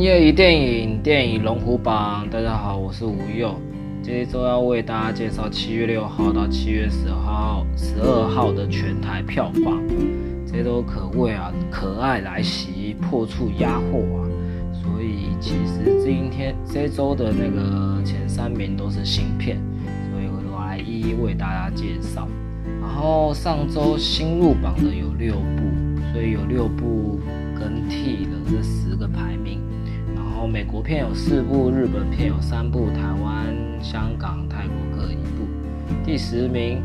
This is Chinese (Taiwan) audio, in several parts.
業餘電影電影龍虎榜，大家好，我是吳佑。這一周要為大家介紹七月六號到七月十號、十二號的全台票房，這周可謂啊可愛來襲，破處壓後啊。所以其實今天這周的那個前三名都是新片，所以我來一一為大家介紹。然後上周新入榜的有六部，所以有六部更替了這十個排名。美國片有四部，日本片有三部，台灣、香港、泰國各一部。第十名，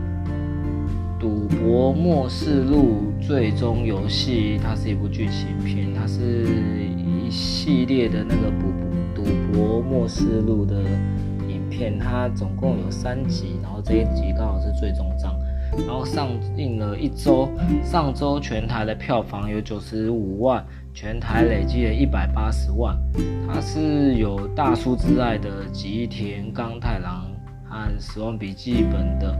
《賭博默示錄最終遊戲》，它是一部劇情片，它是一系列的那個賭賭賭博默示錄的影片，它總共有三集，然後這一集剛好是最終章。然後上映了一周，上周全台的票房有九十五萬，全台累計了一百八十萬。它是由大叔之愛的吉田鋼太郎和死亡筆記本的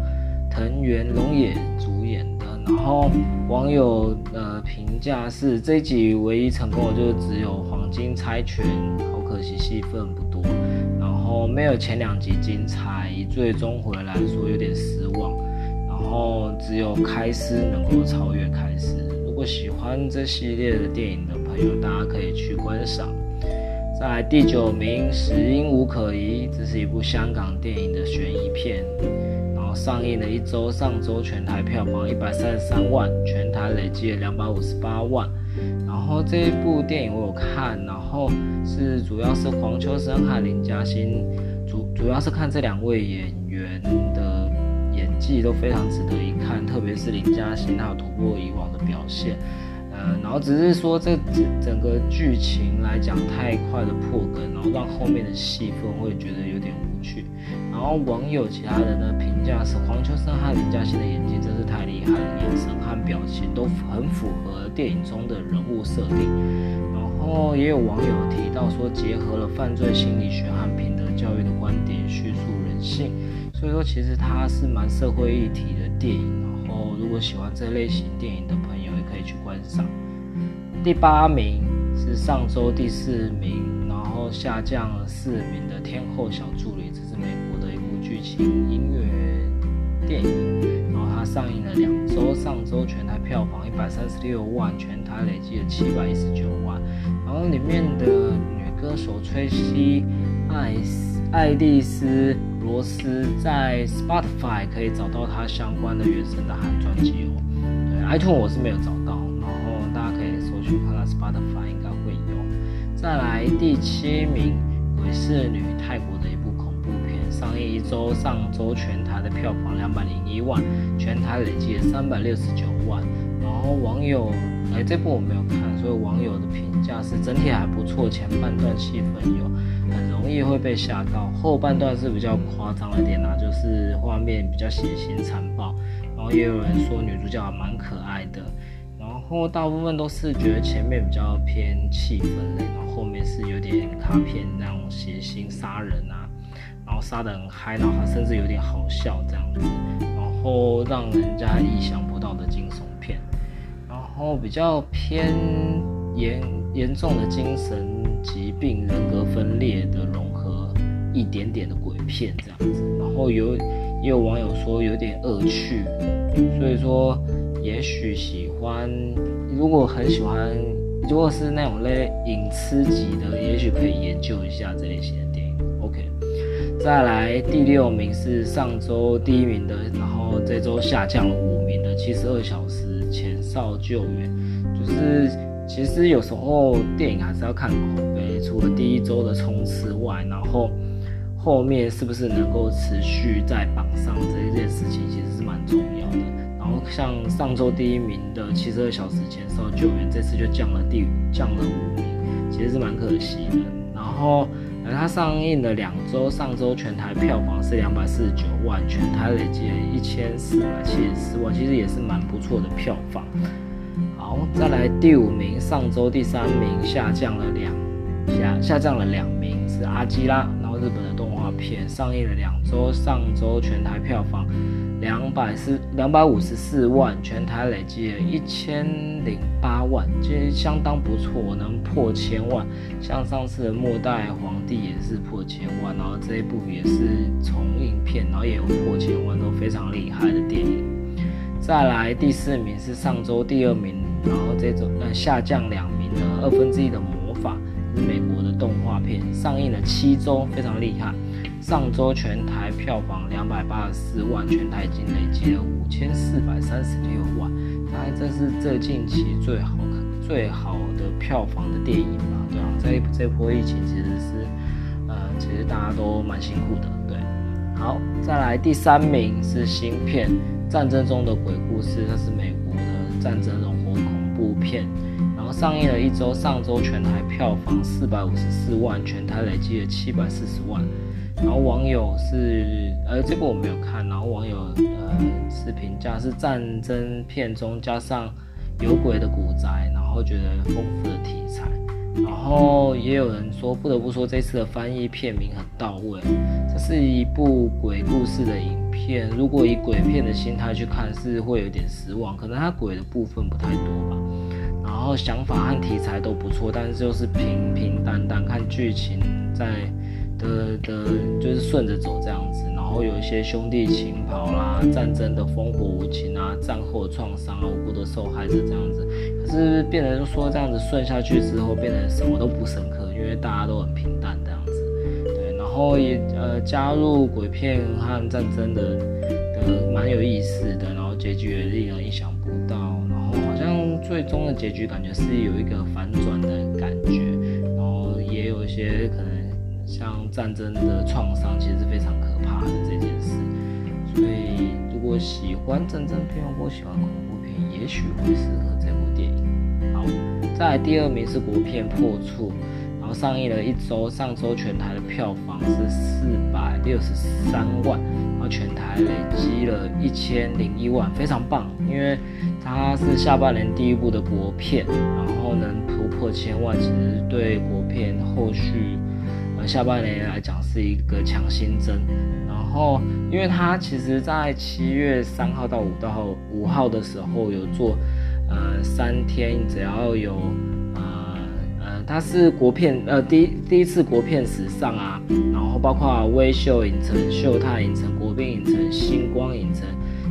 藤原龍也主演的。然後網友的評價是：這一集唯一成功的就是只有黃金猜拳，好可惜戲份不多，然後沒有前兩集精彩，最終回來說有點失望。然後只有開司能夠超越開司。如果喜歡這系列的電影的朋友，大家可以去觀賞。在第九名，《死因無可疑》，這是一部香港電影的懸疑片。然後上映了一周，上周全台票房一百三十三萬，全台累積了兩百五十八萬。然後這一部電影我有看，然後是主要是黃秋生和林嘉欣，主主要是看這兩位演員的。戲都非常值得一看，特別是林嘉欣他有突破以往的表現，呃，然後只是說這整，整個劇情來講太快的破梗，然後讓後面的戲份會覺得有點無趣。然後網友其他人的評價是黃秋生和林嘉欣的演技真是太厲害了，眼神和表情都很符合電影中的人物設定。然後也有網友提到說結合了犯罪心理學和品德教育的觀點敘述人性。所以說，其實它是蠻社會議題的電影。然後，如果喜歡這類型電影的朋友，也可以去觀賞。第八名是上周第四名，然後下降了四名的《天后小助理》，這是美國的一部劇情音樂電影。然後它上映了兩周，上周全台票房一百三十六萬，全台累計了七百一十九萬。然後裡面的女歌手崔西艾艾麗斯。羅斯在 Spotify 可以找到他相關的原聲的韓專輯哦，對。對，iTunes 我是沒有找到，然後大家可以搜去看，看 Spotify 應該會有。再來第七名，《鬼侍女》泰國的一部恐怖片，上映一周，上周全台的票房兩百零一萬，全台累計三百六十九萬。然後網友，哎、欸，這部我沒有看，所以網友的評價是整體還不錯，前半段氣氛有。很容易會被嚇到，後半段是比較誇張的點啦、啊，就是畫面比較血腥殘暴，然後也有人說女主角蠻可愛的，然後大部分都是覺得前面比較偏氣氛類、欸，然後後面是有點偏那種血腥殺人啊，然後殺得很嗨，然後甚至有點好笑這樣子，然後讓人家意想不到的驚悚片，然後比較偏嚴嚴重的精神疾病，人格分裂的融合，一點點的鬼片這樣子，然後有也有網友說有點惡趣，所以說也許喜歡，如果很喜歡，如果是那種類影痴級的，也許可以研究一下這類型的電影。OK，再來第六名是上周第一名的，然後這周下降了五名的七十二小時前哨救援，就是。其實有時候電影還是要看口碑，除了第一周的衝刺外，然後後面是不是能夠持續在榜上這一件事情其實是蠻重要的。然後像上周第一名的《七十二小時》前哨救援，這次就降了第降了五名，其實是蠻可惜的。然後呃，後它上映了兩周，上周全台票房是兩百四十九萬，全台累計一千四百七十四萬，其實也是蠻不錯的票房。再來第五名，上周第三名下降了兩下，下降了兩名是阿基拉，然後日本的動畫片上映了兩周，上周全台票房兩百四兩百五十四萬，全台累計了一千零八萬，其實相當不錯，能破千萬。像上次的末代皇帝也是破千萬，然後這一部也是重映片，然後也有破千萬，都非常厲害的電影。再來第四名是上周第二名。然後這種那下降兩名的二分之一的魔法是美國的動畫片，上映了七周，非常厲害。上周全台票房兩百八十四萬，全台已經累積了五千四百三十六萬。當然這是這近期最好最好的票房的電影吧？對啊，這一，這波疫情其實是呃其實大家都蠻辛苦的。對，好，再來第三名是新片《戰爭中的鬼故事》，它是美國的戰爭融合部片，然後上映了一周，上周全台票房四百五十四萬，全台累計了七百四十萬。然後網友是，呃，這部我沒有看，然後網友呃是評價是戰爭片中加上有鬼的古宅，然後覺得豐富的題材。然後也有人說，不得不說這次的翻譯片名很到位。這是一部鬼故事的影片，如果以鬼片的心態去看，是會有點失望，可能它鬼的部分不太多吧。然後想法和題材都不錯，但是就是平平淡淡，看劇情在的的，就是順着走這樣子。然後有一些兄弟情袍啦，戰爭的烽火無情啊，戰後創傷啊，無辜的受害者這樣子。可是變成說這樣子順下去之後，變成什麼都不深刻，因為大家都很平淡這樣子。對，然後也呃加入鬼片和戰爭的，呃、蠻有意思的。然後結局也令人意想不到。然後好像。最終的結局感覺是有一個反轉的感覺，然後也有一些可能像戰爭的創傷，其實是非常可怕的這件事。所以如果喜歡戰爭片或喜歡恐怖片，也許會適合這部電影。好，再來第二名是國片破處，然後上映了一周，上周全台的票房是四百六十三萬。全台累積了一千零一萬，非常棒，因為它是下半年第一部的國片，然後能突破千萬，其實對國片後續下半年來講是一個強心針然後，因為它其實，在七月三號到五號五號的時候有做、呃、三天，只要有。它是國片，呃，第一第一次國片史上啊，然後包括微秀影城、秀泰影城、國賓影城、星光影城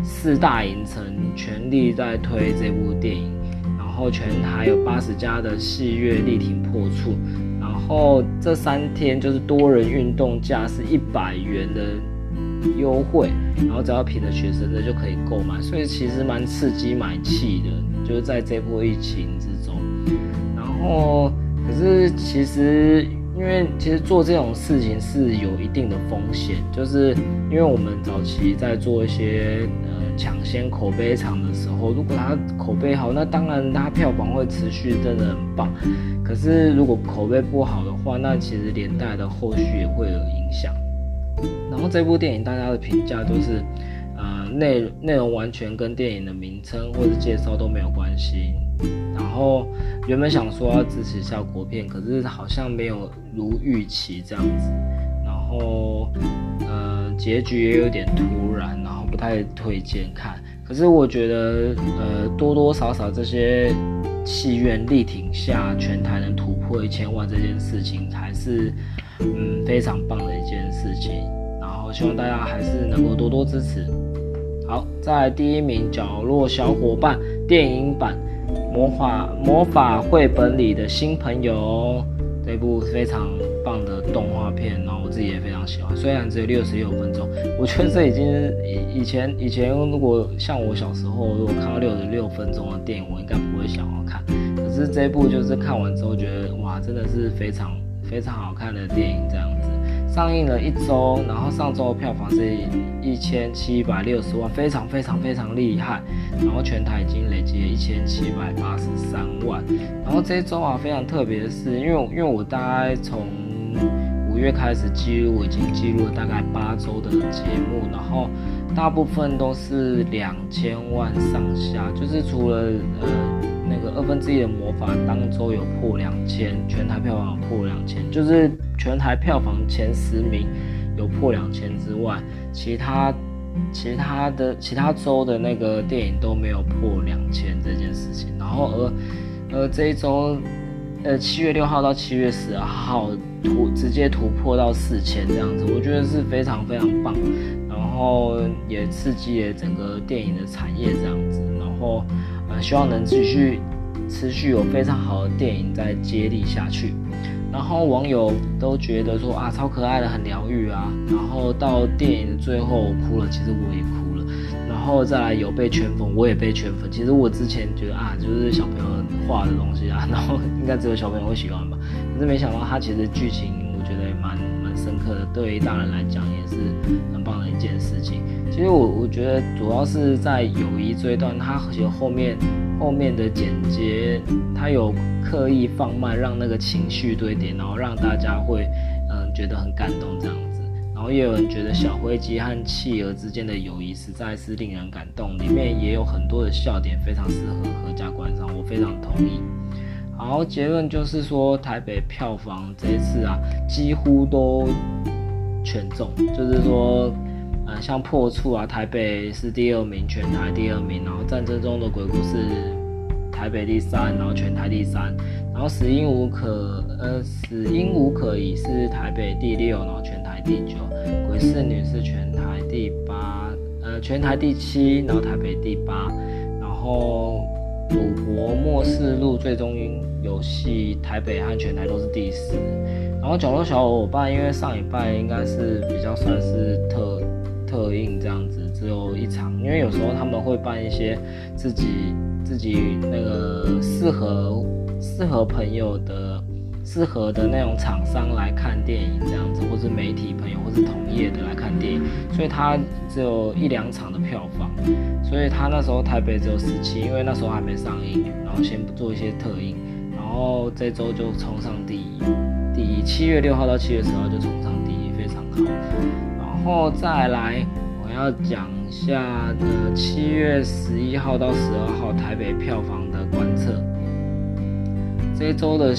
四大影城全力在推這部電影，然後全台有八十家的戲院力挺破處，然後這三天就是多人運動價是一百元的優惠，然後只要憑著學生的就可以購買，所以其實蠻刺激買氣的，就是在這波疫情之中，然後。可是其實，因為其實做這種事情是有一定的風險，就是因為我們早期在做一些呃搶先口碑場的時候，如果它口碑好，那當然它票房會持續真的很棒。可是如果口碑不好的話，那其實連帶的後續也會有影響。然後這部電影大家的評價就是。內內容完全跟電影的名稱或者介紹都沒有關係。然後原本想說要支持一下國片，可是好像沒有如預期這樣子。然後呃結局也有點突然，然後不太推薦看。可是我覺得呃多多少少這些戲院力挺下，全台能突破一千萬這件事情還是嗯非常棒的一件事情。然後希望大家還是能夠多多支持。好，再來第一名，角落小夥伴電影版魔《魔法魔法繪本》裡的新朋友，這部非常棒的動畫片，然後我自己也非常喜歡。雖然只有六十六分鐘，我覺得這已經以以前以前如果像我小時候，如果看到六十六分鐘的電影，我應該不會想要看。可是這一部就是看完之後覺得哇，真的是非常非常好看的電影，這樣子。上映了一周，然後上周票房是一千七百六十萬，非常非常非常厲害。然後全台已經累積了一千七百八十三萬。然後這一周啊，非常特別的是，因為因為我大概從五月開始記錄，已經記錄了大概八周的節目，然後大部分都是兩千萬上下，就是除了呃。二分之一的魔法當周有破兩千，全台票房有破兩千，就是全台票房前十名有破兩千之外，其他其他的其他周的那個電影都沒有破兩千這件事情。然後而而這一周，呃，七月六號到七月十二號突直接突破到四千這樣子，我覺得是非常非常棒，然後也刺激了整個電影的產業這樣子，然後呃，希望能繼續。持續有非常好的電影在接力下去，然後網友都覺得說，啊超可愛的，很療癒啊，然後到電影的最後我哭了，其實我也哭了，然後再來有被圈粉，我也被圈粉。其實我之前覺得啊，就是小朋友畫的東西啊，然後應該只有小朋友會喜歡吧，可是沒想到它其實劇情我覺得也蠻蠻深刻的，對於大人來講也是很棒的一件事情。其實我我覺得主要是在友誼這一段，它其實後面後面的剪接，它有刻意放慢，讓那個情緒堆疊，然後讓大家會嗯覺得很感動這樣子。然後也有人覺得小灰雞和企鵝之間的友誼實在是令人感動，裡面也有很多的笑點，非常適合合家觀賞。我非常同意。好，結論就是說台北票房這一次啊幾乎都全中，就是說。像破處啊，台北是第二名，全台第二名。然後戰爭中的鬼故事，台北第三，然後全台第三。然後死因無可，呃，死因無可疑是台北第六，然後全台第九。鬼侍女是全台第八，呃，全台第七，然後台北第八。然後賭博默示錄最終遊戲，台北和全台都是第十。然後角落小夥伴，因為上禮拜應該是比較算是特。特映這樣子只有一場，因為有時候他們會辦一些自己自己那個適合適合朋友的適合的那種廠商來看電影這樣子，或是媒體朋友或是同業的來看電影，所以他只有一兩場的票房，所以他那時候台北只有十七，因為那時候還沒上映，然後先不做一些特映，然後這周就衝上第一，第一七月六號到七月十二號就衝上第一，非常好。然後再來，我要講一下呢，呃，七月十一號到十二號台北票房的觀測。這一周的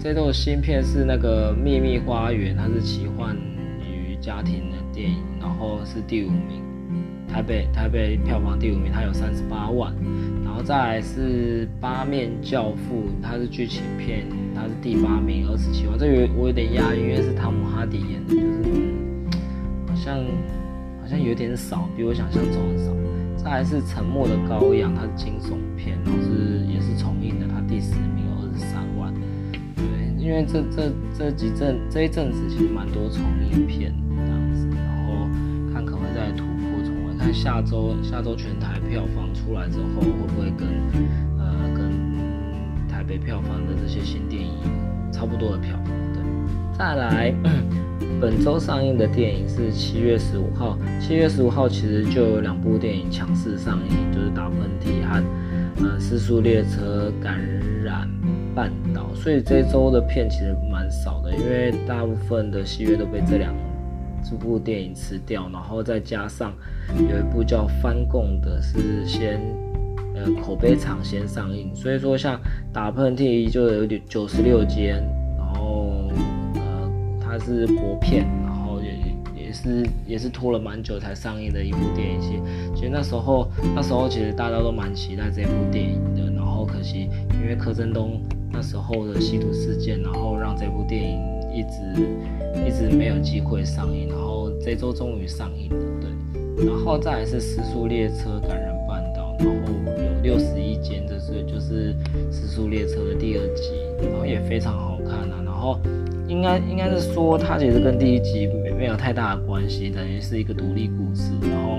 這一周的新片是那個《秘密花園》，它是奇幻與家庭的電影，然後是第五名，台北台北票房第五名，它有三十八萬。然後再來是《八面教父》，它是劇情片，它是第八名，二十七萬。這有我有點壓抑，因為是湯姆哈迪演的，就是。好像好像有點少，比我想象中很少。再來是《沉默的羔羊》，它是驚悚片，然後是也是重映的，它第十名有二十三萬。對，因為這這這幾陣這，這一陣子其實蠻多重映片這樣子，然後看可不可以再突破重來。看下周下周全台票房出來之後，會不會跟、呃、跟台北票房的這些新電影差不多的票？對，再來。 本周上映的電影是七月十五號。七月十五號其實就有兩部電影強勢上映，就是《打噴嚏》和《嗯、呃，屍速列車感染半島》。所以這周的片其實蠻少的，因為大部分的戲院都被這兩這部電影吃掉。然後再加上有一部叫《翻供》的，是先呃口碑場先上映。所以說像打《打噴嚏》依舊有九九十六間。是薄片，然後也也是也是拖了蠻久才上映的一部電影。其實那時候那時候其實大家都蠻期待這部電影的，然後可惜因為柯震東那時候的吸毒事件，然後讓這部電影一直一直沒有機會上映。然後這周終於上映了，對。然後再來是《屍速列車》感染半島，然後有六十一間，這是，就是《屍速列車》的第二集，然後也非常好看啊，然後。應該應該是說，它其實跟第一集沒沒有太大的關係，等於是一個獨立故事。然後，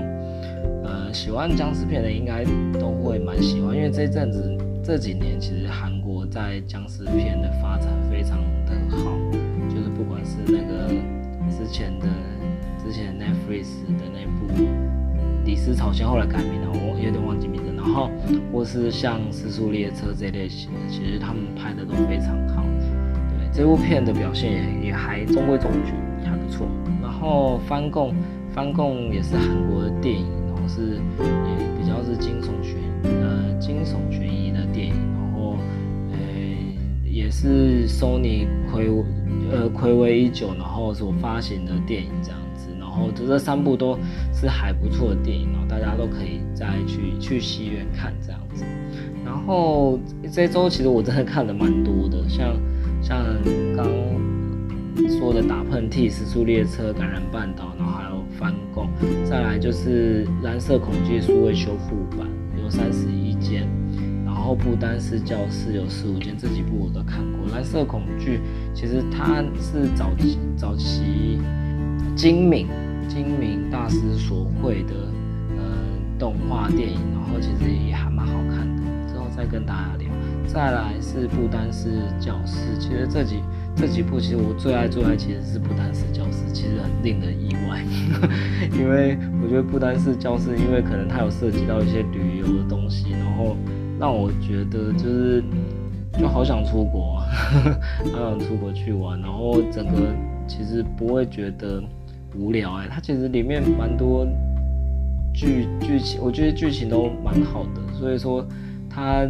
呃，喜歡殭屍片的應該都會蠻喜歡，因為這一陣子這幾年其實韓國在殭屍片的發展非常的好，就是不管是那個之前的之前 Netflix 的那部、嗯，《李屍朝鮮》後來改名了，然後我有點忘記名字，然後或是像《屍速列車》這一類型的，其實他們拍的都非常好。這部片的表現也還也還中規中矩，也還不錯。然後翻供翻供也是韓國的電影，然後是也比較是驚悚懸呃驚悚懸疑的電影，然後、呃、也是 Sony 虧呃虧為已久，然後所發行的電影這樣子。然後這這三部都是還不錯的電影，然後大家都可以再去去戲院看這樣子。然後這周其實我真的看得蠻多的，像。像剛說的，打噴嚏、屍速列車、感染半島，然後還有翻供，再來就是藍色恐懼數位修復版，有三十一間，然後不丹是教室有十五間，這幾部我都看過。藍色恐懼其實它是早期早期今敏今敏大師所繪的嗯、呃、動畫電影，然後其實也還蠻好看的，之後再跟大家聊。再來是不丹是教室，其實這幾這幾部其實我最愛最愛其實是不丹是教室，其實很令人意外，因為我覺得不丹是教室，因為可能它有涉及到一些旅遊的東西，然後讓我覺得就是就好想出國，好想出國去玩，然後整個其實不會覺得無聊哎、欸，它其實裡面蠻多劇劇情，我覺得劇情都蠻好的，所以說它。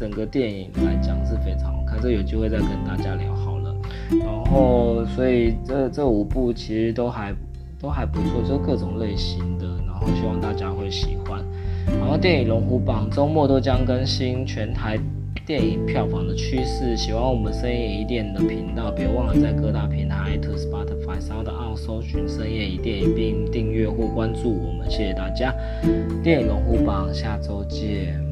整個電影來講是非常好看，這有機會再跟大家聊好了。然後，所以這這五部其實都還都還不錯，就各種類型的。然後希望大家會喜歡。然後電影龍虎榜周末都將更新全台電影票房的趨勢。喜歡我們深夜一點的頻道，別忘了在各大平台 ，to Spotify、Sound On，搜尋深夜一點電影並訂閱或關注我們。謝謝大家，電影龍虎榜下周見。